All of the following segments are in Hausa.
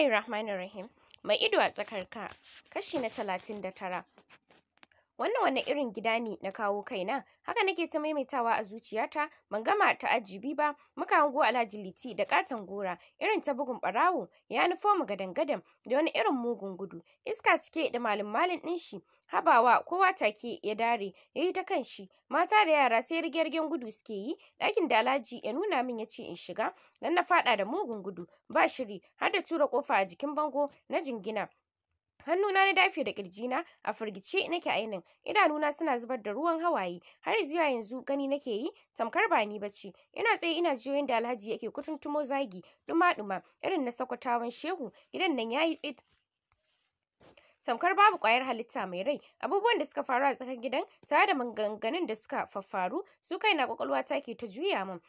Bismillahir Rahmanir Rahim. Mai ido a tsakar ka. Kashi na talatin da tara. wannan wani irin gida ne na kawo kaina haka nake ta maimaitawa a zuciyata ban gama ta ajibi ba muka hango alhaji liti da katon gora irin ta bugun ɓarawo ya nufo mu gadan-gadan da wani irin mugun gudu iska cike da malin-malin din shi habawa kowa take ya dare ya yi ta kan shi mata da yara sai rigirgen gudu suke yi ɗakin da alhaji ya nuna min ya ce in shiga dan na faɗa da mugun gudu ba shiri har da tura kofa a jikin bango na jingina hannuna na dafe da kirjina a firgice nake ainin idanuna suna zubar da ruwan hawaye har zuwa yanzu gani nake yi tamkar ba ni bacci ina tsaye ina jiyoyin da alhaji yake kutuntumo zagi duma duma irin na sakwatawan shehu gidan nan ya yi tsit tamkar babu kwayar halitta mai rai abubuwan da suka faru a tsakar gidan tare da maganganun da suka faffaru su kaina kwakwalwa ta ke ta juya min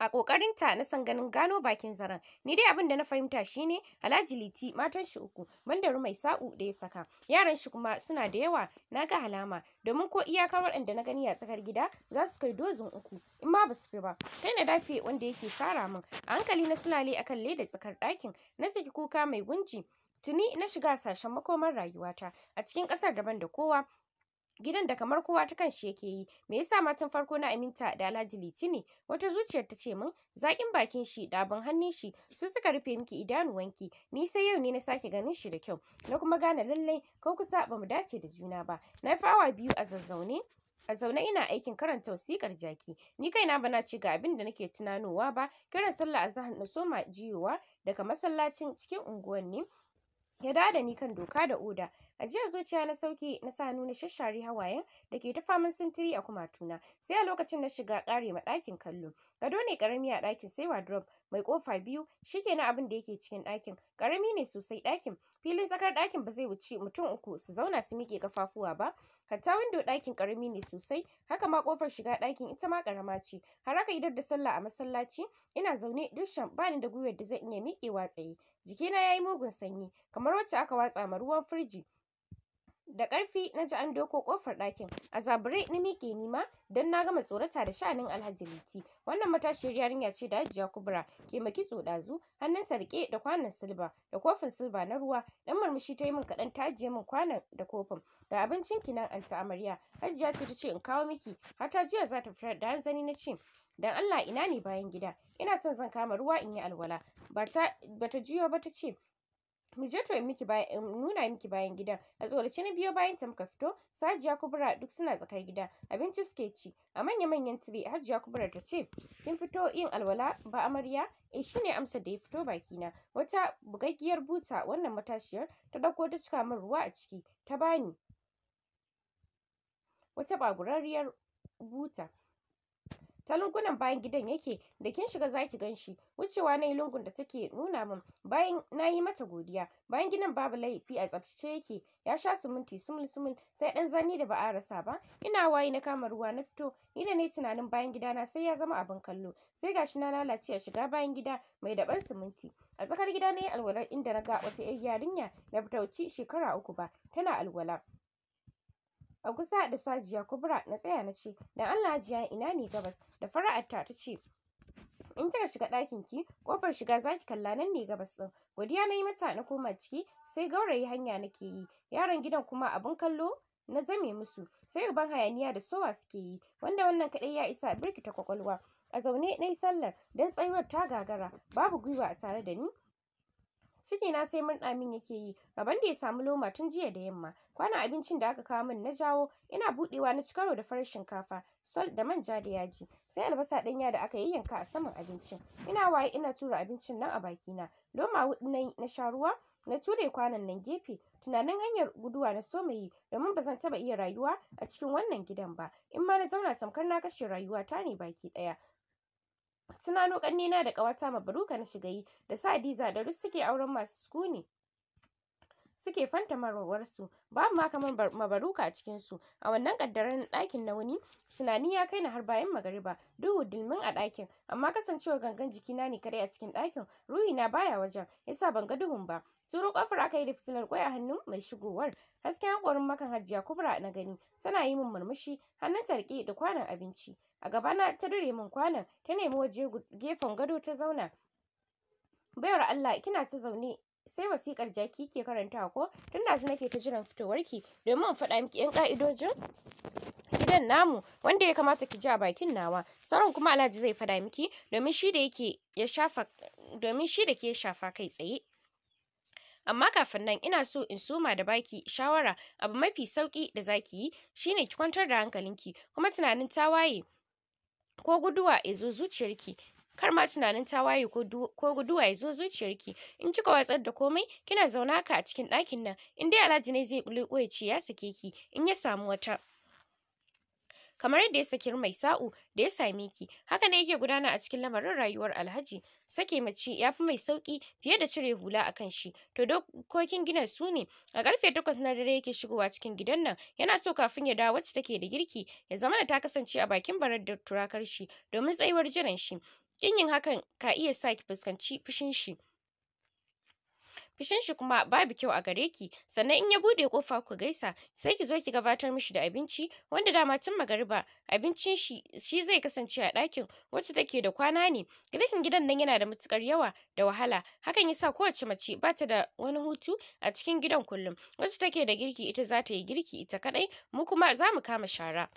a kokarin ta na san ganin gano bakin zaren ni dai abin da na fahimta shine Alhaji Liti matan shi uku banda mai sa'u da ya saka yaran shi kuma suna da yawa na ga alama domin ko iyakar waɗanda na gani a tsakar gida za su kai dozin uku in ma ba su fi ba kai na dafe wanda yake sara min a hankali na sulale akan leda tsakar ɗakin na saki kuka mai gunji tuni na shiga sashen makomar rayuwata a cikin ƙasar daban da kowa gidan da kamar kowa ta kanshi yake yi me yasa matan farko na aminta da Alhaji Litini wata zuciyar ta ce min zaƙin bakin shi ɗabin hannun shi su suka rufe miki idanu wanki ni sai yau ne na sake ganin shi da kyau na kuma gane lallai ko kusa mu dace da juna ba na fi awa biyu a zazzaune a zaune ina aikin karanta wasikar jaki ni kaina bana ci ga abin da nake tunanowa ba kiran sallah azhar na soma jiyowa daga masallacin cikin unguwanni ya dawo da ni kan doka da oda A jiya zuciya na sauki na sa nuna shashari hawayen da ke ta faman sintiri a kumatuna sai a lokacin na shiga kare ma ɗakin kallo gado ne karami a ɗakin sai wardrobe mai kofa biyu na abin da yake cikin ɗakin karami ne sosai ɗakin filin tsakar ɗakin ba zai wuce mutum uku su zauna su miƙe kafafuwa ba hatta windo ɗakin karami ne sosai haka ma kofar shiga ɗakin ita ma ƙarama ce har aka idar da sallah a masallaci ina zaune dushan bani da gwiwar da zan iya miƙewa tsaye jikina ya yi mugun sanyi kamar wacce aka watsa ma ruwan firji da ƙarfi na ji an doko ƙofar ɗakin a zabure na miƙe ni ma don na gama tsorata da sha'anin alhaji liti wannan matashiyar yarinya ce da hajiya kubra ke maki hannun ta riƙe da kwanon silba da kofin silba na ruwa dan murmushi ta yi min kaɗan ta ajiye min kwanon da kofin ga abincin ki nan anta amarya hajiya ce ta ce in kawo miki har ta juya za ta fitar da hanzani na ce dan Allah ina ne bayan gida ina son zan kama ruwa in yi alwala Ba ta juyo ba ta ce mu je to miki bayan nuna miki bayan gidan a tsorace na biyo bayan ta muka fito sajiya hajiya kubura duk suna tsakar gida abinci suke ci a manya manyan tire hajiya kubura ta ce kin fito yin alwala ba amarya eh shine amsar da ya fito baki na wata bugaggiyar buta wannan matashiyar ta dauko ta cika min ruwa a ciki ta bani wata bagurarriyar buta ta lungunan bayan gidan yake da kin shiga zaki ganshi wucewa na yi lungun da take nuna min bayan na yi mata godiya bayan gidan babu laifi a tsaftace yake ya sha suminti sumul sumul sai dan zani da ba a rasa ba ina waye na kama ruwa na fito ni da ne tunanin bayan gidana sai ya zama abin kallo sai gashi na lalace a shiga bayan gida mai daban siminti a tsakar gida na yi alwalar inda na ga wata yar yarinya na fitauci shekara uku ba tana alwala a kusa da sajiya, Kubra na tsaya na ce dan allah hajiya ina ne gabas da fara'arta ta ce in kika shiga ɗakin ki ƙofar shiga za ki kalla nan ne gabas ɗin godiya na yi mata na koma ciki sai gaurayi hanya nake yi yaron gidan kuma abin kallo na zame musu sai uban hayaniya da sowa suke yi wanda wannan kaɗai ya isa birkita kwakwalwa a zaune na yi sallar don tsayuwar ta gagara babu gwiwa a tare da ni na sai murɗa min yake yi rabon da ya samu loma tun jiya da yamma Kwana abincin da aka kawo min na jawo ina buɗewa na cikaro da farar shinkafa sol da manja da yaji sai albasa ɗanya da aka yayyanka a saman abincin ina waye ina tura abincin nan a bakina loma huɗu na na sha ruwa na ture kwanan nan gefe tunanin hanyar guduwa na so mai domin ba zan taɓa iya rayuwa a cikin wannan gidan ba in ma na zauna tamkar na kashe rayuwa ta ne baki ɗaya tunano ƙannena da ƙawata Mabruka na shiga da su diza da Rus suke auren masu sukuni suke fanta fantamarwarsu babu ma kamar mabaruka a cikinsu a wannan ƙaddarar ɗakin na wuni tunani ya kai har bayan magariba duhu dilmin a ɗakin amma kasancewar gangan jikina ne kadai a cikin ɗakin ruhina baya wajen yasa ban ga duhun ba turo ƙofar aka yi da fitilar ƙwai a hannun mai shigowar hasken haƙorin makan hajiya kubra na gani tana yi min murmushi hannunta riƙe da kwanon abinci a gabana ta dure min kwanon ta nemi waje gefen gado ta zauna baiwar Allah kina ta zaune sai wasikar jaki ke karanta ko tun su nake ta jiran fitowarki domin in faɗa miki 'yan ƙa'idojin gidan namu wanda ya kamata ki ji a bakin nawa sauran kuma alhaji zai faɗa miki domin shi da yake ya shafa domin shi da ke shafa kai tsaye amma kafin nan ina so in suma da baki shawara abu mafi sauki da zaki yi shine ki kwantar da hankalinki kuma tunanin tawaye ko guduwa ya zo zuciyarki kar ma tunanin tawaye ko guduwa ya zo zuciyarki in kika watsar da komai kina zauna haka a cikin ɗakin nan in dai alhaji ne zai ƙuliƙo ya ce ya sake ki in ya samu wata kamar yadda ya saki mai sa'u da ya same ki haka ne yake gudana a cikin lamarin rayuwar alhaji sake mace ya fi mai sauki fiye da cire hula a kan shi to dokokin gina su ne a karfe takwas na dare yake shigowa cikin gidan nan yana so kafin ya dawo wacce take da girki ya zama ta kasance a bakin barar da turakar shi domin tsayuwar jiran shi Kin yin hakan ka iya sa ki fuskanci fushin shi. Fushin shi kuma babu kyau a gare ki, sannan in ya buɗe kofa ku gaisa, sai ki zo ki gabatar mishi da abinci wanda dama tun magariba abincin shi shi zai kasance a ɗakin wacce take da kwana ne. Girkin gidan nan yana da matuƙar yawa da wahala, hakan yasa kowace mace ba ta da wani hutu a cikin gidan kullum. Wacce take da girki ita za ta yi girki ita kaɗai, mu kuma za mu kama shara.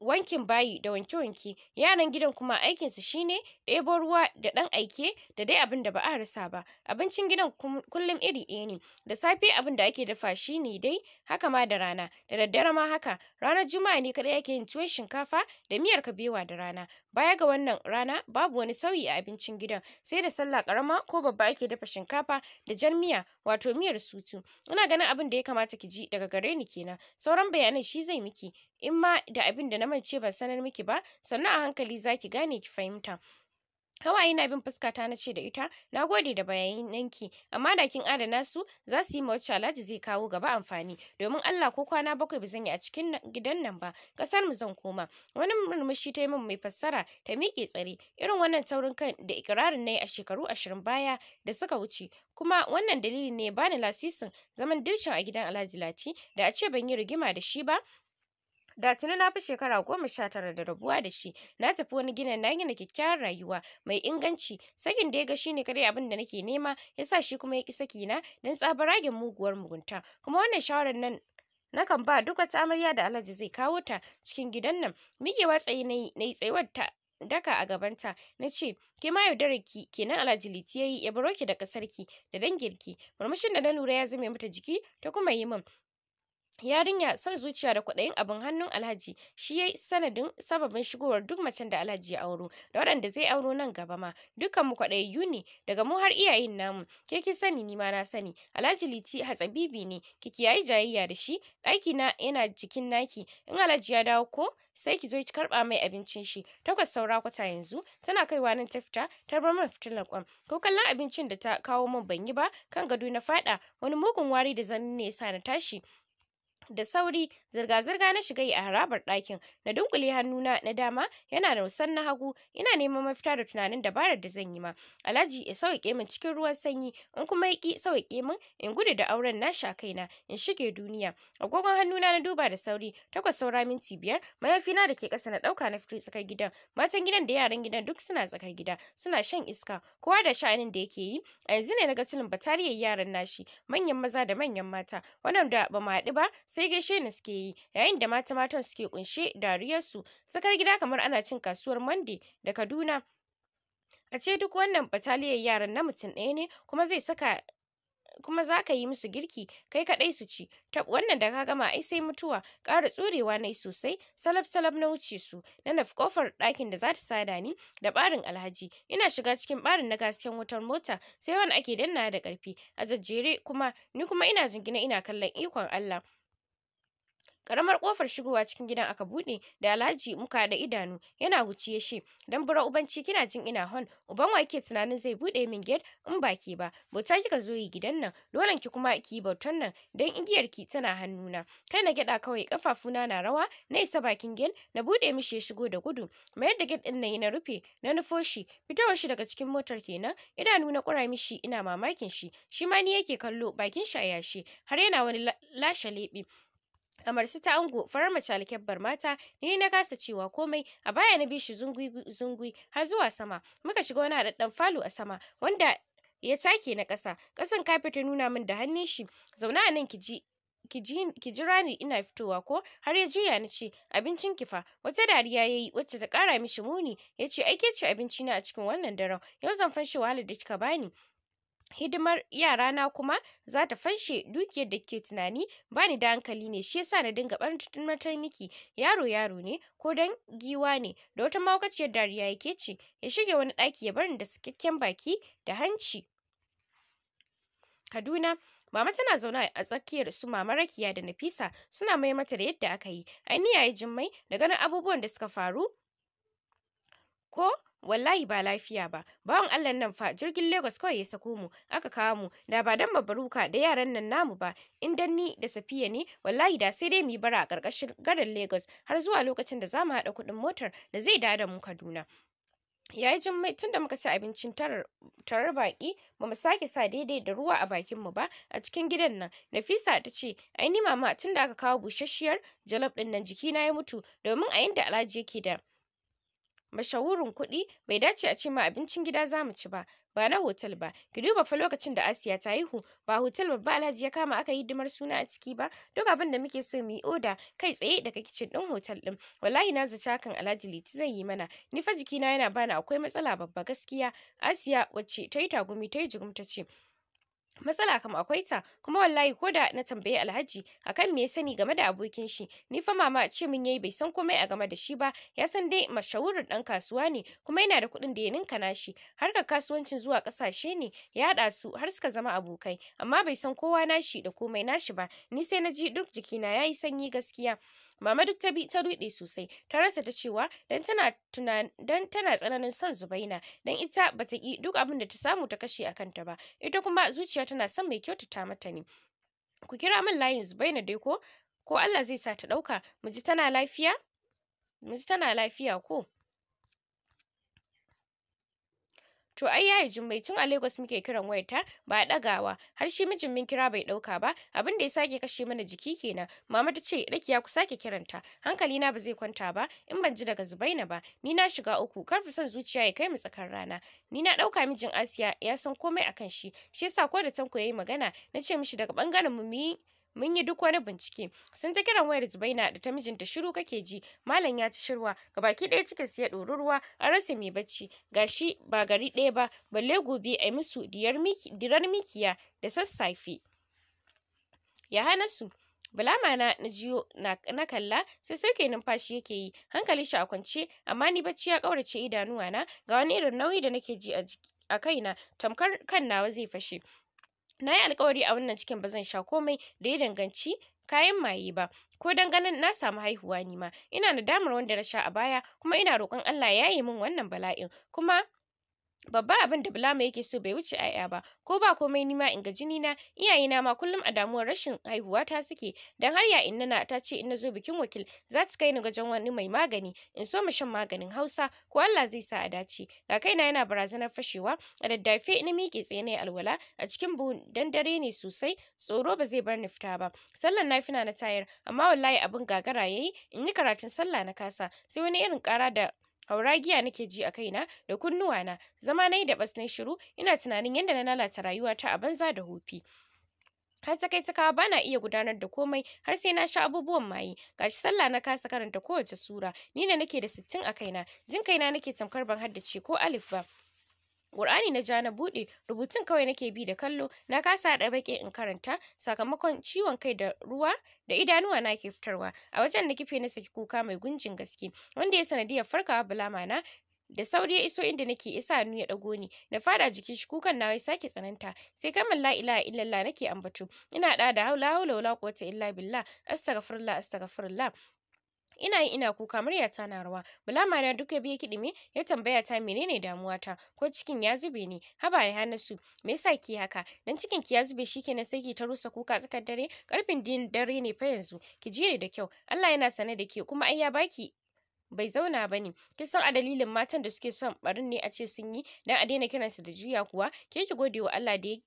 wankin bayi da wanke-wanke yaran gidan kuma aikinsu shine ɗebo ruwa da ɗan aike da dai abin da ba a rasa ba abincin gidan kullum iri ɗaya ne da safe abin da ake dafa shi ne dai haka ma da rana da daddare ma haka ranar juma'a ne kaɗai ake yin tuwon shinkafa da miyar kabewa da rana baya ga wannan rana babu wani sauyi a abincin gidan sai da sallah karama ko babba ake dafa shinkafa da jan miya wato miyar sutu ina ganin abin da ya kamata ki ji daga gare ni kenan sauran bayanan shi zai miki in ma da abin da na na ce ban sanar miki ba sannan a hankali zaki gane ki fahimta hawaye na bin fuska ta na ce da ita na gode da bayananki amma da kin adana su za su yi ma wacce alhaji zai kawo gaba amfani domin allah ko kwana bakwai ba zan yi a cikin gidan nan ba kasar mu zan koma wani murmushi ta yi min mai fassara ta miƙe tsare irin wannan taurin kan da ikirarin na yi a shekaru ashirin baya da suka wuce kuma wannan dalili ne bani lasisin zaman dirshin a gidan alhaji lati da a ce ban yi rigima da shi ba da tuni na fi shekara goma sha tara da rabuwa da shi na tafi wani ginin na gina kyakkyawar rayuwa mai inganci sakin da ya ga shine kadai abin da nake nema ya sa shi kuma ya ki saki na dan tsabaragen muguwar mugunta kuma wannan shawarar nan na kan ba duk wata amarya da Alhaji zai kawo ta cikin gidan nan miƙewa tsaye na yi tsayuwar ta daka a gabanta na ce ke ma yaudarar ki kenan alhaji liti yayi ya baro ki da kasarki da dangin ki murmushin da na lura ya zame mata jiki ta kuma yi min yarinya son zuciya da kwaɗayin abin hannun alhaji shi ya sanadin sababin shigowar duk macen da alhaji ya auro da waɗanda zai auro nan gaba ma dukkan mu kwaɗayayyu ne daga mu har iyayen namu ke kin sani ni ma na sani alhaji liti hatsabibi ne ki kiyayi jayayya da shi ɗaki na yana jikin naki in alhaji ya dawo ko sai ki zo ki karɓa mai abincin shi takwas saura kwata yanzu tana kaiwa nan ta fita ta bar min fitilar kwan ko kallon abincin da ta kawo min ban yi ba kan gado na faɗa wani mugun wari da zanin ne ya sa na tashi da sauri zirga-zirga na shiga yi a harabar ɗakin na dunkule hannuna na dama yana da wasan na hagu ina neman mafita da tunanin dabarar da zan yi ma alhaji ya sauke min cikin ruwan sanyi in kuma ya ki sauke min in gudu da auren na sha kaina in shige duniya agogon hannuna na duba da sauri takwas saura minti biyar mayafina da ke ƙasa na ɗauka na fito tsakar gidan matan gidan da yaran gidan duk suna tsakar gida suna shan iska kowa da sha'anin da yake yi a yanzu ne na ga tulin batariyar yaran nashi manyan maza da manyan mata waɗanda ba mu haɗu ba sai gaishe ni suke yi yayin da mata matan suke kunshe dariyarsu tsakar gida kamar ana cin kasuwar mande da kaduna a ce duk wannan bataliyar yaran na mutum ɗaya ne kuma zai saka kuma za ka yi musu girki kai kaɗai su ci tab wannan da ka gama ai sai mutuwa ƙara tsurewa na yi sosai salab salab na wuce su na nafi ƙofar ɗakin da za ta sada ni da ɓarin alhaji ina shiga cikin ɓarin na gasken wutar mota sai wani ake danna da ƙarfi a jajjere kuma ni kuma ina jingina ina kallon ikon Allah karamar kofar shigowa cikin gidan aka buɗe da alhaji muka da idanu yana wuce ya dan bura ubanci kina jin ina hon uban wake tunanin zai buɗe min gate in ba ke ba bauta kika zo yi gidan nan dolan ki kuma ki yi bautan nan dan igiyar ki tana hannuna kai na gyaɗa kawai kafafuna na rawa na isa bakin gate na buɗe mishi ya shigo da gudu mayar da ɗin na yi na rufe na nufo shi fitowar shi daga cikin motar kenan idanu na kura mishi ina mamakin shi shi ma ni yake kallo bakin shi a yashe har yana wani lashe leɓe kamar ta ango farar mace alkyabbar mata ni na kasa cewa komai a baya na bi shi zungui zungui har zuwa sama muka shiga wani haɗaɗɗen falo a sama wanda ya take na kasa ƙasan kafet nuna min da hannun shi zauna a nan ki ji ki jira ni ina fitowa ko har ya juya na ce abincin kifa wata dariya ya yi wacce ta kara mishi muni ya ce aike ce abinci na a cikin wannan daren yau zan fanshi wahalar da kika bani hidimar yarana kuma za ta fanshe dukiyar da ke tunani ba ni da hankali ne shi yasa na dinga ɓarnatar miki yaro yaro ne ko dan giwa ne da wata mahaukaciyar dariya yake ce ya shige wani ɗaki ya bar ni da sakakken baki da hanci Kaduna Mama tana zaune a tsakiyar su Mama Rakiya da Nafisa suna mai mata da yadda aka yi. Ai ni yayi Jummai da ganin abubuwan da suka faru wallahi ba lafiya ba bawan Allah nan fa jirgin Lagos kawai ya sako mu aka kawo mu da ba dan babaruka da yaran nan namu ba in dan ni da Safiya ne wallahi da sai dai mu bara a karkashin garin Lagos har zuwa lokacin da zamu haɗa kuɗin motar da zai dada mu Kaduna ya yayi jummai tun da muka ci abincin tarar baki ba mu sake sa daidai da ruwa a bakin mu ba a cikin gidan nan nafisa ta ce ai ni mama tun da aka kawo busasshiyar jalof din nan na ya mutu domin a yanda alhaji yake da mashahurin kuɗi bai dace a ce ma abincin gida za mu ci ba ba na hotel ba ki duba fa lokacin da Asiya ta haihu ba hotel babba Alhaji ya kama aka yi hidimar suna a ciki ba duk abin da muke so mu yi oda kai tsaye daga kicin ɗin hotel ɗin. wallahi na zaci hakan Alhaji Liti zai yi mana ni fa jikina yana bani akwai matsala babba gaskiya Asiya wacce ta yi tagumi ta yi jigum ta ce matsala kam akwai ta kuma wallahi ko da na tambayi alhaji akan me ya sani game da abokin shi ni fa mama ce min yayi bai san komai a game da shi ba ya san dai mashahurin dan kasuwa ne kuma yana da kuɗin da ya ninka nashi harkar kasuwancin zuwa ƙasashe ne ya haɗa su har suka zama abokai amma bai san kowa nashi da komai nashi ba ni sai na ji duk jikina yayi sanyi gaskiya Mama duk ta bi ta ruɗe sosai, ta rasa ta cewa dan tana tunan dan tana tsananin son Zubaina, dan ita bata ki duk abin da ta samu ta kashe a kanta ba. Ita kuma zuciya tana son mai kyautata mata ne. Ku kira min layin Zubaina dai ko ko Allah zai sa ta ɗauka mu tana lafiya? Mu ji tana lafiya ko? To ai yayi Jummai tun a Lagos muke kiran wayarta ba ɗagawa har shi mijin min kira bai dauka ba abin da ya sake kashe mana jiki kenan. Mama ta ce Rakiya ku sake kiranta hankali na ba zai kwanta ba in ban ji daga Zubaina ba ni na shiga uku karfi son zuciya ya kai mu tsakar rana. Ni na ɗauka mijin Asiya ya san komai akan shi shi yasa ko da Tanko yayi magana nace ce mishi daga bangaren mu mi mun yi duk wani bincike sun ta kiran wayar zubaina da ta mijinta shiru kake ji malam ya ci shirwa baki ɗaya cikin ya ɗoru ruwa an rasa mai bacci gashi ba gari ɗaya ba balle gobe a musu dirar mikiya da sassafe ya hana su bulama na na jiyo na kalla sai sauke numfashi yake yi hankali shi a kwance amma ni bacci ya ƙaurace idanuwa na ga wani irin nauyi da nake ji a kaina tamkar kan nawa zai fashe na yi alkawari a wannan cikin ba zan sha komai da ya danganci kayan maye ba ko dan ganin na samu haihuwa nima ina nadamar wanda na sha a baya kuma ina roƙon Allah ya yaye min wannan bala'in kuma babban abin da bulama yake so bai wuce ƴaƴa ba ko ba komai nima in ga jini na iyaye na ma kullum a damuwar rashin haihuwa ta suke dan har ya inna na ta ce in na zo bikin wakil za ta kai ni gajen wani mai magani in so mu shan maganin Hausa ko Allah zai sa a dace ga na yana barazanar fashewa a daddafe ni miƙe tsaye na alwala a cikin buhun dan dare ne sosai tsoro ba zai bar ni fita ba sallan na nafina na tayar amma wallahi abin gagara yayi in yi karatun sallah na kasa sai wani irin kara da haura giya nake ji a kaina da kunnuwa na zama nayi da bas nayi shiru ina tunanin yadda na lalata rayuwata a banza da hofi har ta kai ta kawo bana iya gudanar da komai har sai na sha abubuwan maye gashi sallah na kasa karanta kowace sura ni ne nake da sittin a kaina jin kaina nake tamkar ban haddace ko alif ba Qur'ani na ja na buɗe rubutun kawai nake bi da kallo na kasa haɗa baƙi in karanta sakamakon ciwon kai da ruwa da idanuwa na ke fitarwa a wajen da kife na saki kuka mai gunjin gaske wanda ya sanadiyar farkawa bulama na da sauri ya iso inda nake isa hannu ya ɗago ni na fada jikin shi kukan na ya sake tsananta sai kamar la ilaha illallah nake ambato ina ɗa da haula haula wala quwwata illa billah astaghfirullah astaghfirullah ina yi ina kuka ta na rawa bulama na duk ya kiɗi me ya tambaya ta menene damuwa ta ko cikin ya zube ne haba ya hana su me yasa ki haka dan cikin ki ya zube shi shikenan sai ki ta rusa kuka tsakar dare karfin din dare ne fa yanzu ki jiye da kyau Allah yana sane da ke kuma ai ya baki bai zauna ba ne kin san a dalilin matan da suke son barin ne a ce sun yi dan a daina kiransu da juya kuwa ke ki gode wa Allah da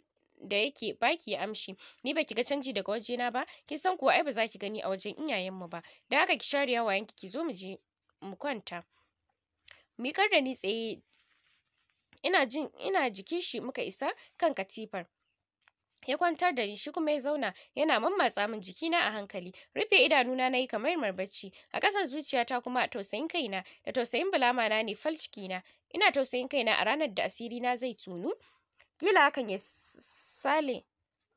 da yake baki amshi ni baki ga canji daga wajena ba kin san kuwa ai ba za ki gani a wajen iyayenmu ba da haka ki share yawayenki ki zo mu je mu kwanta kar da ni tsaye ina jin ina jikin shi muka isa kan katifar ya kwantar da ni shi kuma ya zauna yana mammatsa min jikina a hankali rufe idanuna na yi kamar marbaci a ƙasan zuciyata kuma a tausayin kaina da tausayin bulama na ne fal cikina ina tausayin kaina a ranar da asiri na zai tunu Kila hakan ya sale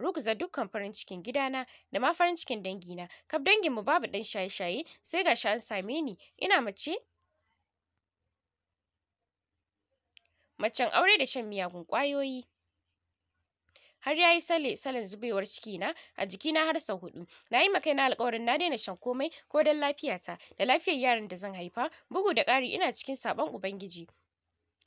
ruguza dukkan farin cikin gidana da ma farin cikin dangina. Kaf danginmu babu ɗan shaye-shaye sai gashi an same ni ina mace macen aure da shan miyagun ƙwayoyi. har ya yi sale salen zubewar cikina a jikina har sau huɗu. na yi makai na alƙawarin na daina shan komai ko don lafiyata da lafiyar yaran da zan haifa bugu da ƙari ina cikin sabon ubangiji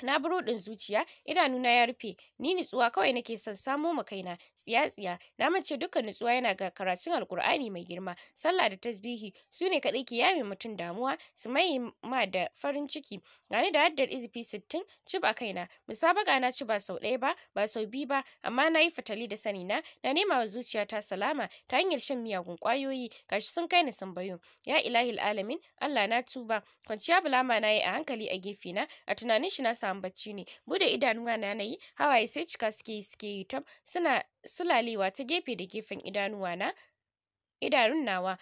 na buro din zuciya idanuna ya rufe ni nutsuwa kawai nake son samo ma kaina tsiya tsiya na mance dukkan nutsuwa yana ga karatun alkur'ani mai girma sallah da tasbihi su ne kadai ke mutum damuwa su mai ma da farin ciki gani da haddar izifi sittin ciba kaina musabaka na ci ba sau ɗaya ba ba sau biyu ba amma na yi fatali da sani na na nema wa zuciya ta salama ta hanyar shan miyagun kwayoyi gashi sun kai ni sun bayo ya ilahil alamin Allah na tuba kwanciya bulama na yi a hankali a gefe na a tunanin shi na samu sa'an bacci ne bude idanuwa na nayi hawaye sai cika suke suke yi tam suna sulalewa ta gefe da gefen idanuwa na idanun nawa